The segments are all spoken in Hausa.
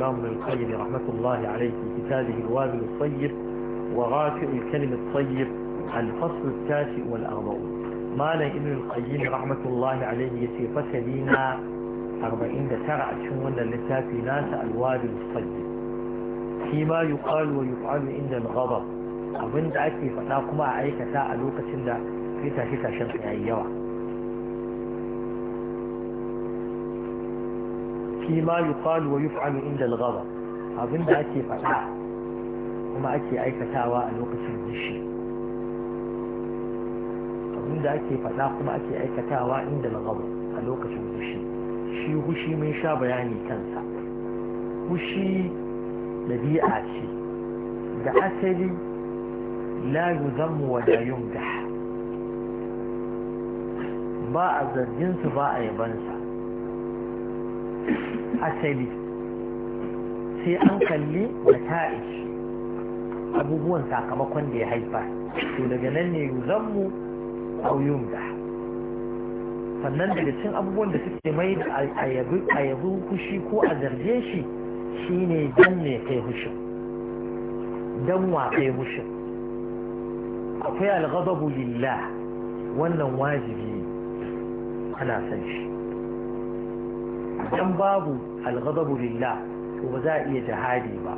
الإمام ابن القيم رحمة الله عليه في كتابه الوابل الطيب وغافئ الكلم الطيب الفصل التاسع والأربعون مالا ابن القيم رحمة الله عليه في فسلينا أربعين شنو اللي في ناس الوابل الطيب فيما يقال ويفعل عند الغضب أبن دعكي فتاكما عيكتا ألوكة في تاشتا شرقي أيوة fi ma yuqalu wa yuf'alu inda al-ghadab da ake faɗa kuma ake aikatawa a lokacin dishi da ake faɗa kuma ake aikatawa inda al a lokacin dishi shi hushi mun sha bayani kansa hushi dabi'a ce da asali la yuzammu wa la ba a zargin su ba a yabansa asali sai an kalli nata'ij abubuwan sakamakon da ya haifa to daga nan ne yuzammu au yumda sannan daga cin abubuwan da suke mai da a yabu kushi ko a zarge shi shine dan ne kai hushin dan wa kai hushin akwai alghadabu lillah wannan wajibi ana san shi idan babu alghadabu lillah to ba za a iya jihadi ba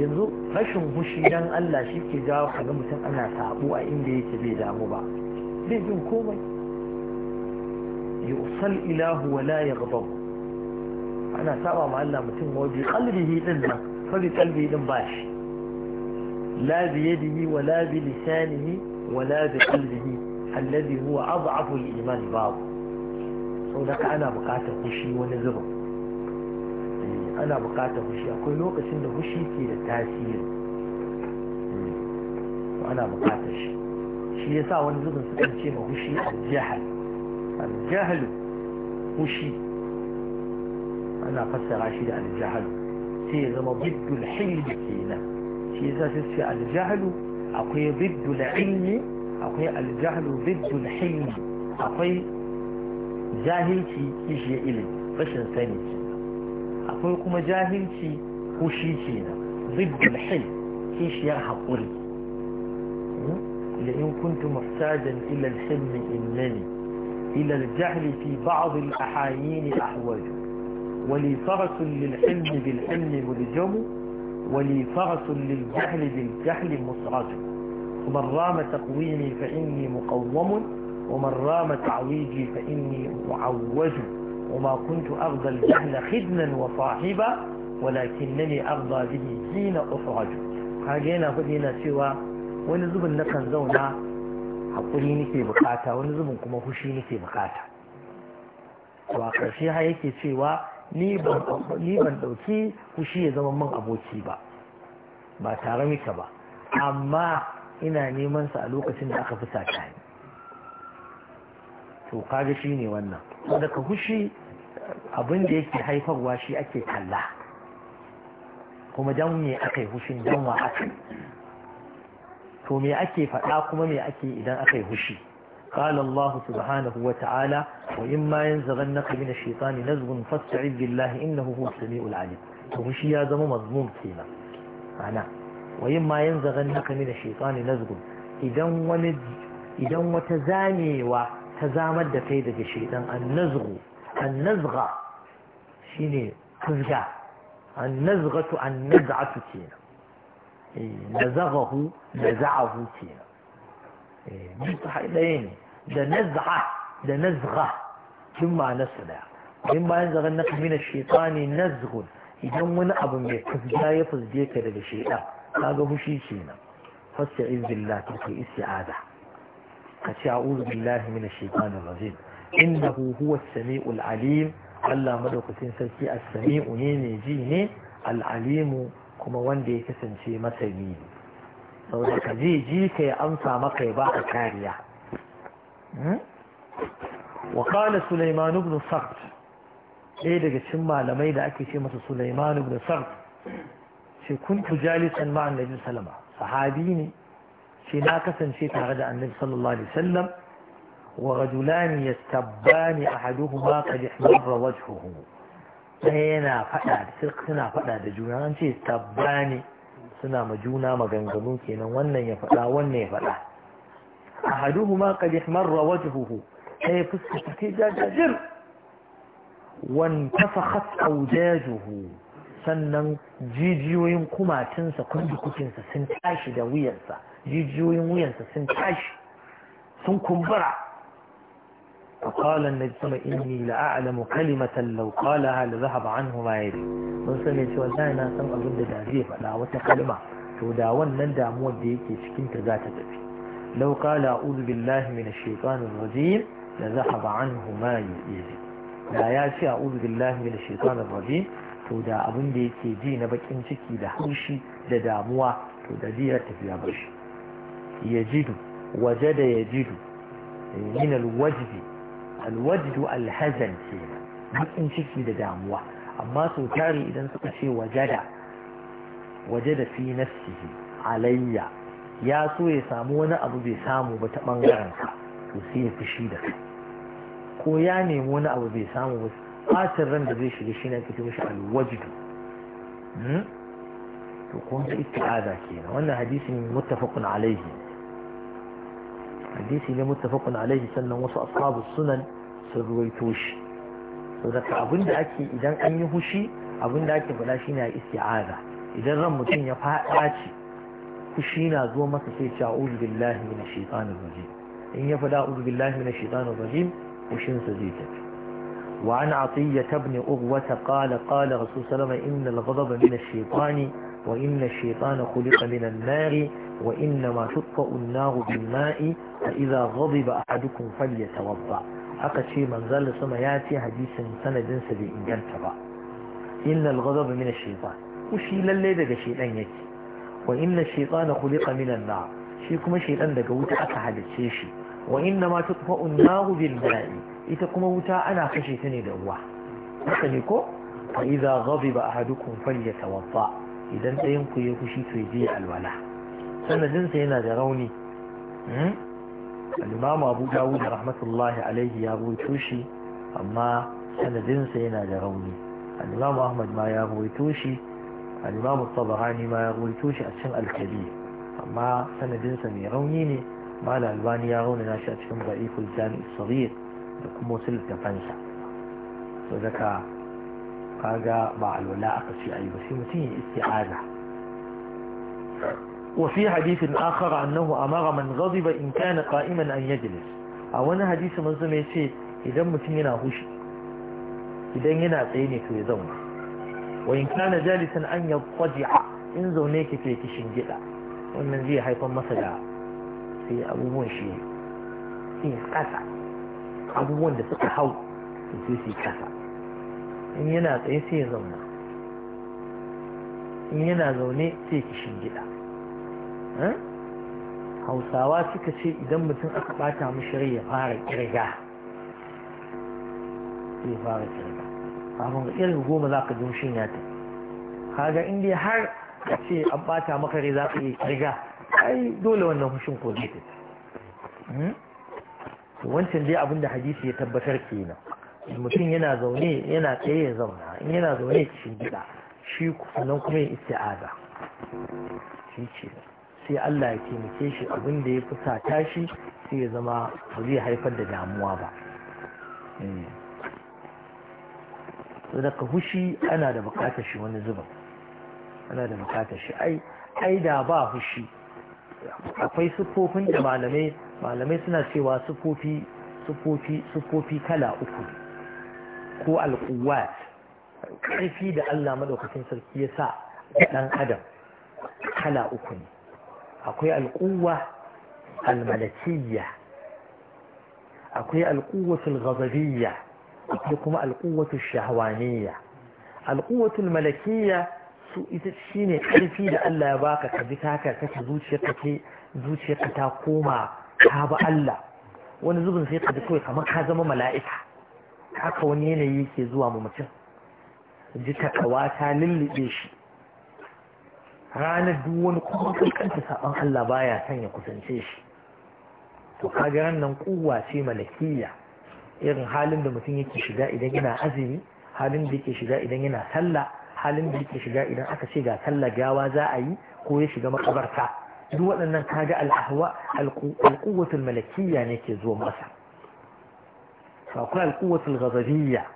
yanzu rashin hushi dan Allah shi ke jawo kaga mutum ana sabo a inda yake bai damu ba bai jin komai yusal ilahu wa la yaghdabu ana saba ma Allah mutum waje qalbihi din nan fari qalbi din ba shi la bi yadihi wa la bi lisanihi wa la bi qalbihi alladhi huwa adhafu al-iman babu sau da ka ana bukatar fushi wani zuba ana bukatar fushi akwai lokacin da fushi ke da tasiri ana bukatar shi shi ya sa wani zubin sukan ce ma fushi aljahal aljahalu fushi ana fassara shi da aljahalu sai ya zama biddul hilmi kenan shi ya sa sai aljahalu akwai biddul ilmi akwai aljahalu biddul hilmi akwai jahilci kishiyar ilimi rashin sani ce akwai kuma jahilci hushi ce na zibbul hil kishiyar haƙuri لئن كنت محتاجا إلى الحلم إنني إلى الجهل في بعض الأحايين أحوج ولي فرس للحلم بالحلم ملجم ولي فرس للجهل بالجهل مسرج ومن رام تقويمي فإني مقوم ومن رام تعويجي فإني أعوج وما كنت أرضى الجهل خدنا وصاحبا ولكنني أرضى به حين أخرج حاجينا فدينا سوى ونزب نكن زونا haƙuri nake bukata wani zubin kuma fushi nake bukata to a ƙarshe ha yake cewa ni ban ɗauki fushi ya zama min aboki ba ba tare mika ba amma ina neman sa a lokacin da aka fi sata ni to kaga shi ne wannan daga hushi abin da yake haifarwa shi ake kalla kuma dan me aka yi hushin dan wa aka to me ake faɗa kuma me ake idan aka yi hushi قال الله سبحانه وتعالى وإما ينزغنك من الشيطان نزغ فاستعذ بالله إنه هو السميع العليم ومشي يا زمو مضمون كينا أنا وإما ينزغنك من الشيطان نزغ إذا ونج إذا وتزاني تزامد دا كيدا جشي دان النزغ النزغة شيني تزغى النزغة النزعة تينا نزغه نزعه تينا بيطح إليني دا نزعة دا نزغة كما نسلع كما ينزغ النق من الشيطان نزغ إذن من أبو مي تزغى يفز ديك لجشي دان هذا هو شيء تينا فاستعذ بالله تلقي استعاذة kace a'udhu billahi mina shaitanir rajim inda huwas sami'ul alim Allah madaukakin sarki a samiu ne mai ji ne al'alimu kuma wanda ya kasance masani saboda ka ji ji ka ya amsa maka ya ba ka kariya hmm? wa qala Sulaiman ibn ɗaya daga cikin malamai da ake ce masa Sulaiman ibn Sa'd ce kuntu jalisan ma'a Nabi sahabi ne ce na kasance tare da annabi sallallahu alaihi wasallam wa rajulani yastabbani ahaduhuma qad ihmarra wajhuhu yana faɗa suna faɗa da juna an ce tabbani suna ma juna maganganu kenan wannan ya fada wannan ya faɗa ahaduhuma qad ihmarra wajhuhu ɗaya fuska ta ce jajajir وانتفخت أوجاجه sannan jijiyoyin kumatinsa kundukukinsa sun tashi da wuyarsa jijiyoyin wuyansa sun tashi sun kumbura akwalan na kuma inni la'alamu kalimatan laukala halitta haɓa an huwayari don sami cewa za na san abin da zai faɗa wata kalma to da wannan damuwar da yake cikinta za ta tafi laukala ulubin lahimin shekwanin wajen da za haɓa an huwayari da ya ce a ulubin lahimin shekwanin wajen to da abin yake ji na baƙin ciki da haushi da damuwa to da zira tafiya bashi yajidu wajada yajidu min alwajdi alwajdu alhazan ce bakin ciki da damuwa amma sau idan suka ce wajada wajada fi nafsihi alayya ya so ya samu wani abu bai samu ba ta bangaren to sai ya fushi da kai ko ya nemi wani abu bai samu ba bacin ran da zai shiga shi na fito mishi alwajdu to kun ga isti'aza kenan wannan hadisin muttafaqun alaihi hadisi ne muttafaqun alaihi sannan wasu ashabu sunan sun ruwaito shi to daga abinda ake idan an yi hushi da ake faɗa shine a isti'aza idan ran mutum ya faɗa ce hushi na zo masa sai ce a'udhu billahi minash shaitanir rajim in ya fada a'udhu billahi minash shaitanir rajim hushin sa zai tafi وعن عطية بن أغوة قال قال رسول الله إن الغضب من الشيطان وإن الشيطان خلق من النار وإنما تطفأ النار بالماء فإذا غضب أحدكم فليتوضأ haka ce manzal sama ya ce hadisin sanadinsa bai inganta ba inna al-ghadab min ash-shaytan kushi lalle daga shaytan yake wa inna ash-shaytana khuliqa min an-nar shi kuma shaytan daga wuta aka halice shi wa inna ma tutfa'u an-nar bil ma'i ita kuma wuta ana kashe ta ne da ruwa haka ne ko fa idza ghadiba ahadukum falyatawadda idan ɗayan ku ya kushi to ya je alwala sanadinsa yana da rauni hmm? alimamu abu dawud rahmatullahi alaihi ya ruwaito shi amma sanadinsa yana da rauni alimamu ahmad ma ya ruwaito shi alimamu tabarani ma ya ruwaito shi a cikin alkabi amma sanadinsa mai rauni ne malam albani ya raunana shi a cikin da'iful jami'i sarir da kuma wasu littafansa so daga kaga ba alwala aka ce ayi ba sai mutum ya isti'aza وفي حديث آخر أنه أمر من غضب إن كان قائما أن يجلس أولا حديث من زميتي إذا متمنى هوشي إذا ينا تيني في زونه وإن كان جالسا أن يضطجع إن زونيك في كشنجلة ومن ذي حيث مثلا في أبو منشي في قسع أبو منشي سقى حو في في قسع إن ينا تيني في زونه إن ينا زوني في كشنجلة Eh? hausawa suka ce idan mutum aka bata mishi rai ya fara kirga ya fara kirga abin irin goma za ka jumshin ya ta kaga inda har ka ce an bata maka rai za ka yi kirga ai dole wannan hushin ko zai tafi hmm? wancan dai abin da hadisi ya tabbatar kenan mutum yana zaune yana tsaye ya zauna in yana zaune ya gida shi sannan kuma ya isti'aza shi ce sai Allah ya taimake shi abin da ya sa tashi, sai ya zama ba zai haifar da damuwa ba eh. daga hushi ana da bukatar shi wani zubin ana da bukatar shi ai ai da ba hushi akwai siffofin da malamai malamai suna cewa siffofi siffofi siffofi kala uku ko alƙuwat ƙarfi da Allah madaukakin sarki ya sa ɗan adam kala uku ne akwai alƙuwa almalakiyya akwai alƙuwatul ghazabiyya akwai kuma alƙuwatul shahwaniyya alƙuwatul malakiyya su ita ne ƙarfi da Allah ya baka ka bi taka kake zuciyarka zuciyarka ta koma ka bi Allah wani zubin sai ka ji kawai kamar ka zama mala'ika haka wani yanayi ke zuwa mu mutum ji takawa ta lulluɓe shi ranar duk wani kuma kankanta saban Allah baya san ya kusance shi to kaga rannan kuwa ce Malakiyya irin halin da mutum yake shiga idan yana azumi halin da yake shiga idan yana sallah halin da yake shiga idan aka ce ga sallah gawa za a yi ko ya shiga makabarta duk waɗannan kaga al'ahwa alquwwatul malakiyya ne ke zuwa masa fa akwai alquwwatul ghadabiyya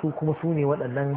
su kuma su ne waɗannan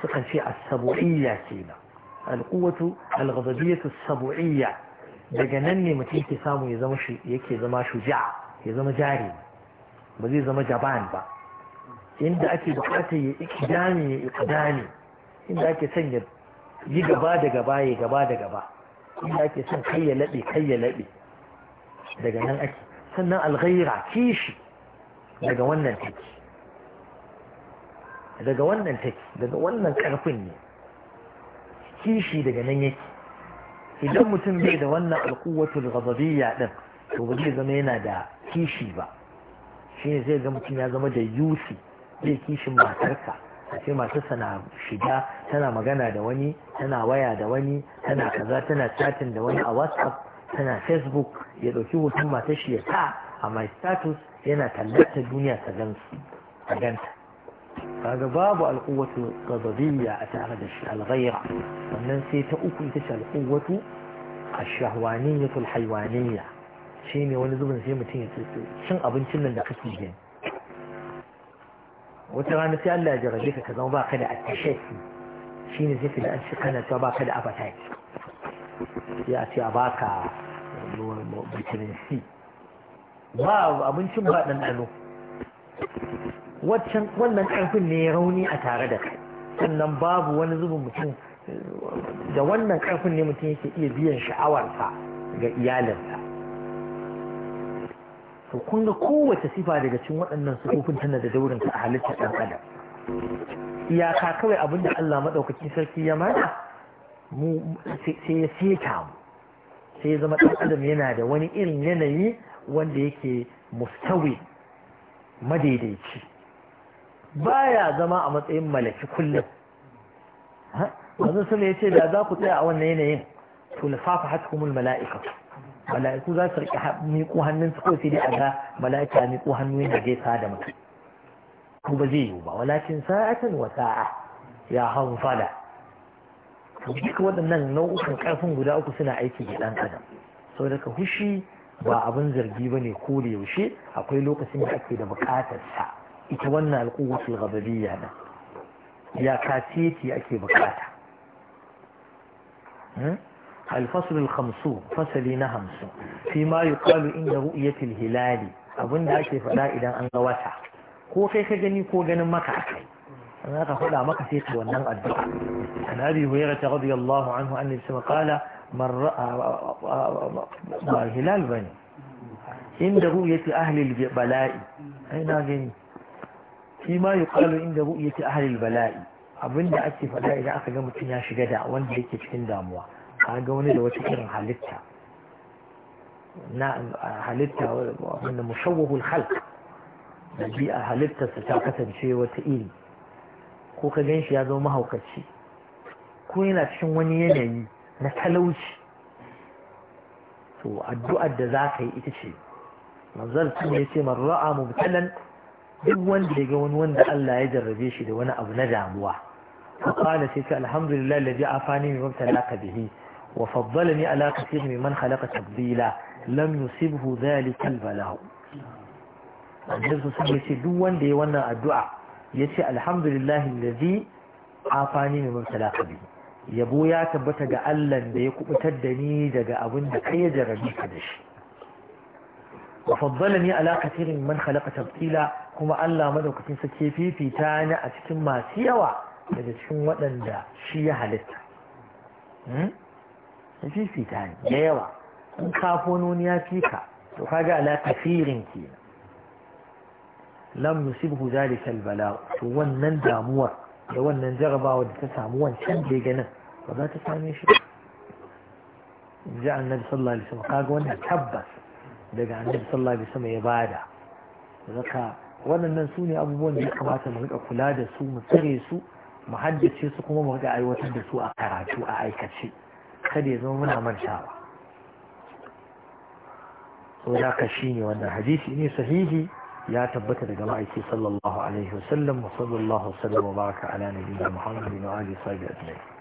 sukan ce as-sabu'iyya kenan alkuwatu alghazabiyatu sabu'iyya daga nan ne mutum ke samu ya zama shi yake zama shuja'a ya zama jari ba zai zama jaban ba inda ake bukatar ya ikidani ya ikidani inda ake son ya yi gaba da gaba ya gaba da gaba inda ake son kai ya laɓe kai ya laɓe daga nan ake sannan alghaira kishi daga wannan take daga wannan take daga wannan karfin ne kishi daga nan yake idan mutum bai da wannan alkuwatul ghadabiyya din to ba zai zama yana da kishi ba shi ne zai ga mutum ya zama da yusi zai kishin matarka a ce matarsa na shiga tana magana da wani tana waya da wani tana kaza tana chatin da wani a whatsapp tana facebook ya ɗauki hoton matashi shi ya ta a my status yana tallata duniya ta ganta kaga babu alquwwatu qadabiyya a tare da shi wannan sannan sai ta uku ita ce alquwwatu ash-shahwaniyyatu al-haywaniyya shine wani zubin sai mutum ya ce cin abincin nan da kake gani wata rana sai Allah ya jarabe ka ka zama baka da attashi shine sai da an kana baka da appetite sai a a baka vitamin C ba abincin ba ɗanɗano waccan wannan karfin ne ya rauni a tare da kai sannan babu wani zubin mutum da wannan karfin ne mutum yake iya biyan sha'awarsa ga iyalinsa to kun ga kowace sifa daga cikin waɗannan sufofin tana da daurin ta halittar ɗan adam iyaka kawai abin da Allah maɗaukakin sarki ya mana mu sai ya seta mu sai ya zama ɗan adam yana da wani irin yanayi wanda yake mustawi madaidaici baya zama a matsayin malaki kullum wanzu sun ya ce da za ku tsaya a wannan yanayin to lafafa hatkumul mala'ika mala'iku za su riƙe miƙo hannun su ko sai dai a ga mala'ika miƙo hannu yana sa da mutum ko ba zai yiwu ba walakin sa'atan wa sa'a ya hau fada to waɗannan nau'ukan ƙarfin guda uku suna aiki da ɗan adam sau daga hushi ba abin zargi ba ne ko da yaushe akwai lokacin da ake da buƙatar sa ita wannan alkuwatul gabadiyya da ya katiti ake bukata الفصل الخمسون فصلين همسون فيما يقال hilali رؤية الهلال أبن داك فلا إذا أن وسع ko kai ka gani ko ganin maka akai an aka faɗa maka sai ka wannan addu'a an abi hurairah radiyallahu anhu annabi sama qala man ra'a hilal bani inda ru'yati ahli al-bala'i ai na gani Shi ma yuqalu inda ru'yati ahli al-bala'i abinda ake faɗa idan aka ga mutum ya shiga da wanda yake cikin damuwa ka ga wani da wata irin halitta na halitta wanda mushawwahul khalq dabi'a halittarsa ta kasance wata iri ko ka gan shi ya zama mahaukaci ko yana cikin wani yanayi na talauci to addu'ar da za ka yi ita ce manzal sun ya ce man ra'a mubtalan duk wanda ya ga wani wanda Allah ya jarrabe shi da wani abu na damuwa فقال سيك الحمد لله الذي عافاني مما ابتلاك به وفضلني على man ممن خلق تفضيلا لم يصبه ذلك البلاء النبي صلى الله عليه وسلم دي وانا الدعاء يسي الحمد لله الذي عافاني مما yabo ya tabbata ga Allah da ya kubutar da ni daga abin da kai ya jarabe ka da shi wa faddalani ala kathirin man khalaqa kuma Allah madaukakin ke fifita ni a cikin masu yawa daga cikin waɗanda shi ya halitta hmm? ya fifita ni da yawa in kafo nuni ya fi ka to kaga ala kafirin kenan lam yusibhu zalika albala to wannan damuwar da wannan jarabawa da ta samu wancan da ganin ba za ta same shi ji annabi sallallahu alaihi wasallam kaga wannan tabbas daga annabi sallallahu alaihi wasallam ya bada zaka waɗannan su ne abubuwan da ya kamata mu riƙa kula da su mu tsare su mu haddace su kuma mu riƙa aiwatar da su a karatu a aikace kada ya zama muna mantawa so da ka shi ne wannan hadisi ne sahihi ya tabbata daga ma'aiki sallallahu alaihi wasallam wa sallallahu alaihi wa baraka ala nabiyina muhammadin wa alihi sahbihi ajma'in